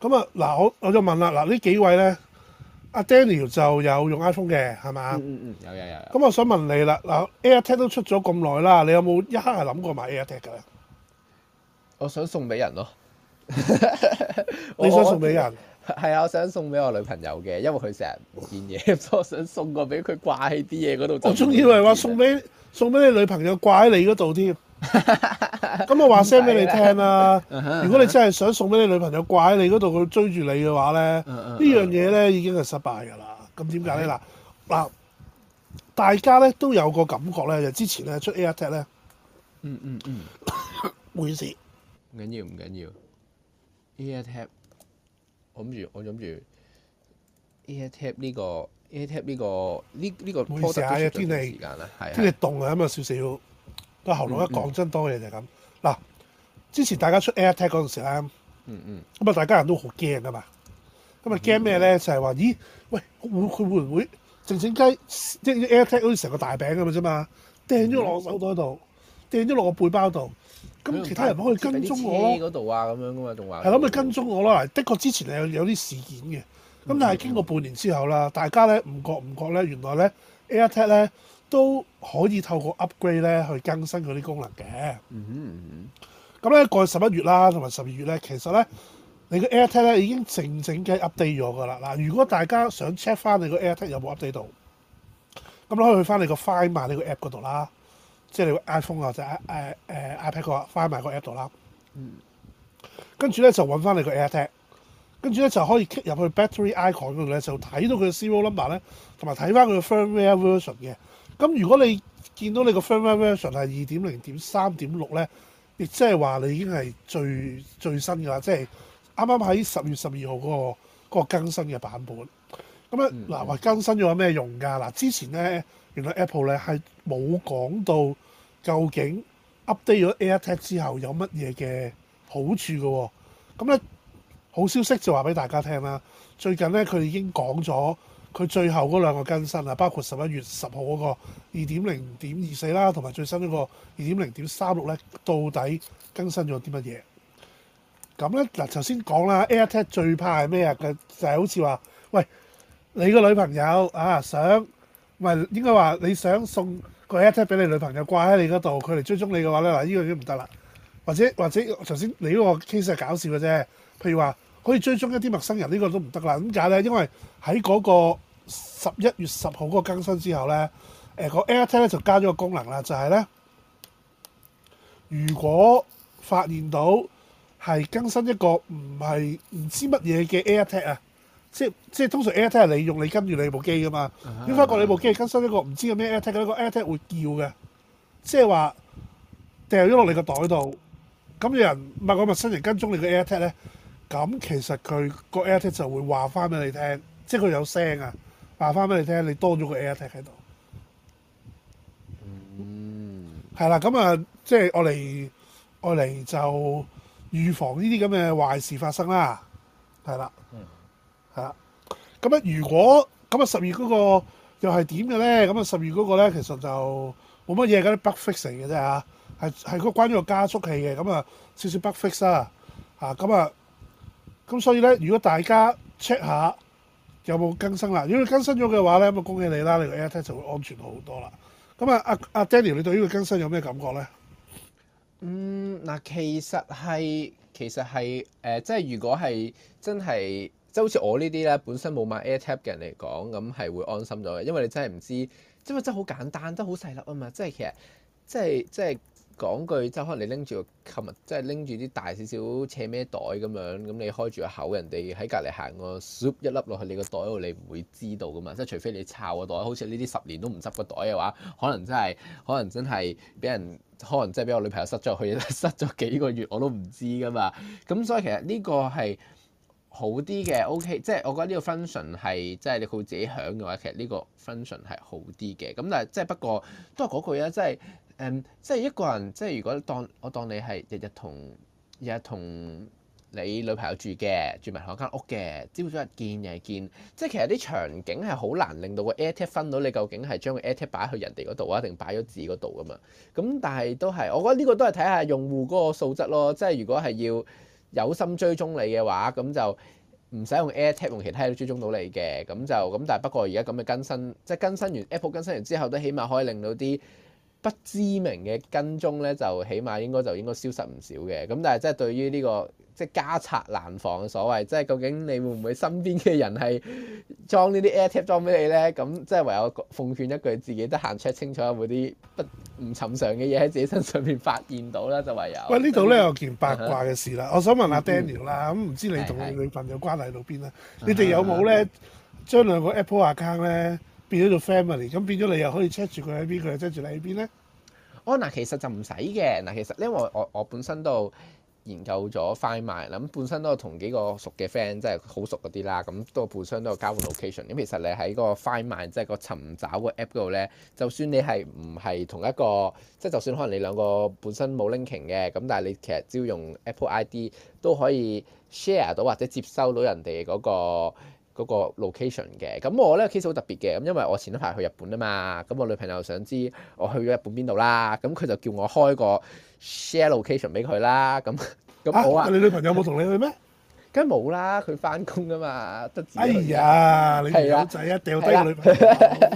咁啊，嗱，我我就問啦，嗱，呢幾位咧，阿 Daniel 就有用 iPhone 嘅，係嘛？嗯嗯，有有有。咁我想問你啦，嗱，AirTag 都出咗咁耐啦，你有冇一刻係諗過買 AirTag 噶？我想送俾人咯，你想送俾人？係啊，我想送俾我女朋友嘅，因為佢成日唔見嘢，所以我想送個俾佢掛喺啲嘢嗰度。我仲以為話送俾。送俾你女朋友掛喺你嗰度添，咁 我話聲俾你聽啦。如果你真係想送俾你女朋友掛喺你嗰度，去追住你嘅話咧， 樣呢樣嘢咧已經係失敗噶啦。咁點解咧？嗱嗱 Okay.，大家咧都有個感覺咧，就之前咧出 AirTag 咧、嗯，嗯嗯嗯，會事， 唔緊要唔緊要，要，要，AirTag，我諗住我諗住 AirTag 呢、這個。AirTag 呢、呢個呢呢、呢個會死啊！天氣的天氣凍啊，咁啊少少。個喉嚨一講真多嘢就係咁。嗱，之前大家出 AirTag 嗰陣時咧、嗯，嗯嗯，咁啊大家人都好驚啊嘛。咁啊驚咩咧？就係、是、話咦，喂，會佢會唔會靜靜雞，即係 AirTag 好似成個大餅咁嘅啫嘛？掟咗落我手袋度，掟咗落我背包度，咁其他人可以跟蹤我度啊咁樣噶嘛，仲話係咁啊跟蹤我咯？的確之前係有有啲事件嘅。咁但係經過半年之後啦，大家咧唔覺唔覺咧，原來咧 AirTag 咧都可以透過 upgrade 咧去更新佢啲功能嘅。嗯嗯嗯。咁咧過去十一月啦，同埋十二月咧，其實咧你個 AirTag 咧已經靜靜嘅 update 咗噶啦。嗱，如果大家想 check 翻你個 AirTag 有冇 update 到，咁咧可以去翻你個 Find My 呢個 app 嗰度啦，即係你 iPhone 或者誒誒 iPad 個 Find My 個 app 度啦。嗯。跟住咧就揾翻你個 AirTag。跟住咧就可以入去 battery icon 嗰度咧，就睇到佢嘅 serial number 咧，同埋睇翻佢嘅 firmware version 嘅。咁如果你見到你個 firmware version 係二點零點三點六咧，亦即係話你已經係最最新噶啦，即係啱啱喺十月十二號嗰個嗰個更新嘅版本。咁咧嗱，mm hmm. 話更新咗有咩用噶？嗱，之前咧原來 Apple 咧係冇講到究竟 update 咗 AirTag 之後有乜嘢嘅好處嘅喎、哦。咁咧。好消息就話俾大家聽啦！最近咧佢已經講咗佢最後嗰兩個更新啦，包括十一月十號嗰個二點零點二四啦，同埋最新呢個二點零點三六咧，到底更新咗啲乜嘢？咁咧嗱，頭先講啦，AirTag 最怕係咩啊？佢就係、是、好似話，喂，你個女朋友啊想，唔係應該話你想送個 AirTag 俾你女朋友掛喺你嗰度，佢嚟追蹤你嘅話咧，嗱、這、呢個已經唔得啦。或者或者，頭先你嗰個 case 係搞笑嘅啫。譬如話，可以追蹤一啲陌生人呢、呢個都唔得啦。點解咧？因為喺嗰個十一月十號嗰個更新之後咧，誒、呃個 AirTag 咧就加咗個功能啦，就係、係、咧，如果發現到係更新一個唔係唔知乜嘢嘅 AirTag 啊，即即係通常 AirTag 係你用你跟住你部機㗎嘛。如果、uh huh。發覺你部機更新一個唔知叫咩 AirTag，嗰、個 AirTag 會叫嘅，即係話掉咗落你個袋度。咁、嗯、有人唔係個陌生人跟蹤你個 AirTag 咧，咁其實佢個 AirTag 就會話翻俾你聽，即係佢有聲啊，話翻俾你聽，你多咗個 AirTag 喺度。嗯，係啦，咁啊，即係用嚟用嚟就預防呢啲咁嘅壞事發生啦。係啦，嗯，係啦。咁啊，如果咁啊十二嗰個又係點嘅咧？咁啊十二嗰個咧，其實就冇乜嘢嘅 bug fix 嘅啫嚇。係係嗰個關於個加速器嘅，咁啊，少少 bug fix 啦。啊咁啊，咁、啊、所以咧，如果大家 check 下有冇更新啦、啊，如果更新咗嘅話咧，咁啊恭喜你啦，你個 AirTag 就會安全好多啦。咁啊，阿、啊、阿 Daniel，你對呢個更新有咩感覺咧？嗯，嗱、啊，其實係其實係誒、呃，即係如果係真係即係好似我呢啲咧，本身冇買 AirTag 嘅人嚟講，咁係會安心咗嘅，因為你真係唔知，因為真係好簡單，真係好細粒啊嘛，即係其實即係即係。講句即係可能你拎住個購物，即係拎住啲大少少斜孭袋咁樣，咁你開住個口，人哋喺隔離行個咻一粒落去你個袋度，你唔會知道噶嘛。即係除非你抄個袋，好似呢啲十年都唔執個袋嘅話，可能真係，可能真係俾人，可能真係俾我女朋友塞咗去， 塞咗幾個月我都唔知噶嘛。咁所以其實呢個係好啲嘅，OK，即係我覺得呢個 function 係即係你佢自己響嘅話，其實呢個 function 係好啲嘅。咁但係即係不過都係嗰句啊，即係。嗯、即係一個人，即係如果當我當你係日日同日日同你女朋友住嘅，住埋同一間屋嘅，朝早日見夜見，即係其實啲場景係好難令到個 AirTag 分到你究竟係將個 AirTag 擺去人哋嗰度啊，定擺咗自己嗰度噶嘛？咁但係都係，我覺得呢個都係睇下用戶嗰個素質咯。即係如果係要有心追蹤你嘅話，咁就唔使用 AirTag，用其他嘢都追蹤到你嘅。咁就咁，但係不過而家咁嘅更新，即係更新完 Apple 更新完之後，都起碼可以令到啲。不知名嘅跟蹤咧，就起碼應該就應該消失唔少嘅。咁但係即係對於呢、這個即係、就是、家賊難防嘅所謂，即、就、係、是、究竟你會唔會身邊嘅人係裝, Air 裝呢啲 AirTag 裝俾你咧？咁即係唯有奉勸一句，自己得閒 check 清楚有冇啲不唔尋常嘅嘢喺自己身上面發現到啦，就唯有。喂，呢度咧以有件八卦嘅事啦，uh huh. 我想問阿 Daniel 啦、uh，咁、huh. 唔知你同你女朋友關係到邊啊？Uh huh. 你哋有冇咧將兩個 Apple account 咧？變咗做 family，咁變咗你又可以 check 住佢喺邊，佢又 check 住你喺邊咧？哦，嗱，其實就唔使嘅。嗱，其實因為我我本身都研究咗 Find My 啦，咁本身都同幾個熟嘅 friend 即係好熟嗰啲啦，咁都互相都有交換 location。咁其實你喺嗰個 Find My 即係個尋找嘅 app 度咧，就算你係唔係同一個，即係就算可能你兩個本身冇 linking 嘅，咁但係你其實只要用 Apple ID 都可以 share 到或者接收到人哋嗰個。嗰個 location 嘅，咁我咧 case 好特別嘅，咁因為我前一排去日本啊嘛，咁我女朋友想知我去咗日本邊度啦，咁佢就叫我開個 share location 俾佢啦，咁咁好啊！你女朋友冇同你去咩？梗係冇啦，佢翻工㗎嘛，得自己哎呀，你老仔啊，掉低、啊、女朋友。係啦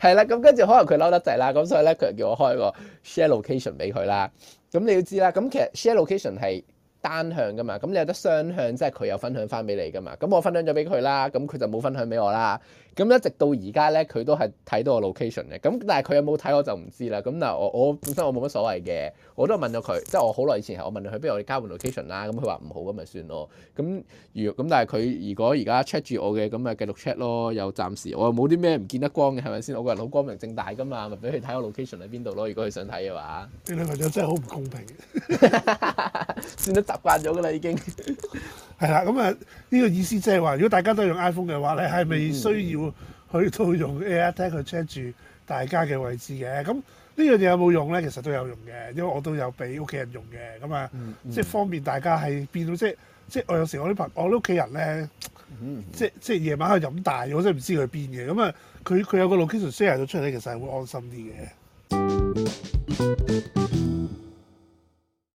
是、啊，咁跟住可能佢嬲得滯啦，咁所以咧佢就叫我開個 share location 俾佢啦。咁你要知啦，咁其實 share location 係。單向㗎嘛，咁你有得雙向，即係佢有分享翻俾你㗎嘛，咁我分享咗俾佢啦，咁佢就冇分享俾我啦，咁一直到而家咧，佢都係睇到我 location 嘅，咁但係佢有冇睇我就唔知啦，咁嗱我我本身我冇乜所謂嘅，我都問咗佢，即係我好耐以前係我問佢，不如我哋交換 location 啦，咁佢話唔好咁咪算咯，咁如咁但係佢如果而家 check 住我嘅，咁咪繼續 check 咯，又暫時我又冇啲咩唔見得光嘅係咪先？我個人好光明正大㗎嘛，咪俾佢睇我 location 喺邊度咯，如果佢想睇嘅話。你兩個人真係好唔公平，算得。習慣咗噶啦，已經係啦。咁啊，呢個意思即係話，如果大家都用 iPhone 嘅話咧，係未需要去到用 AirTag 去 check 住大家嘅位置嘅。咁呢樣嘢有冇用咧？其實都有用嘅，因為我都有俾屋企人用嘅。咁啊，即係方便大家係邊度，即係即係我有時我啲朋我啲屋企人咧，即係即係夜晚去飲大，我真係唔知佢邊嘅。咁啊，佢佢有個 location share 咗出嚟咧，其實係會安心啲嘅。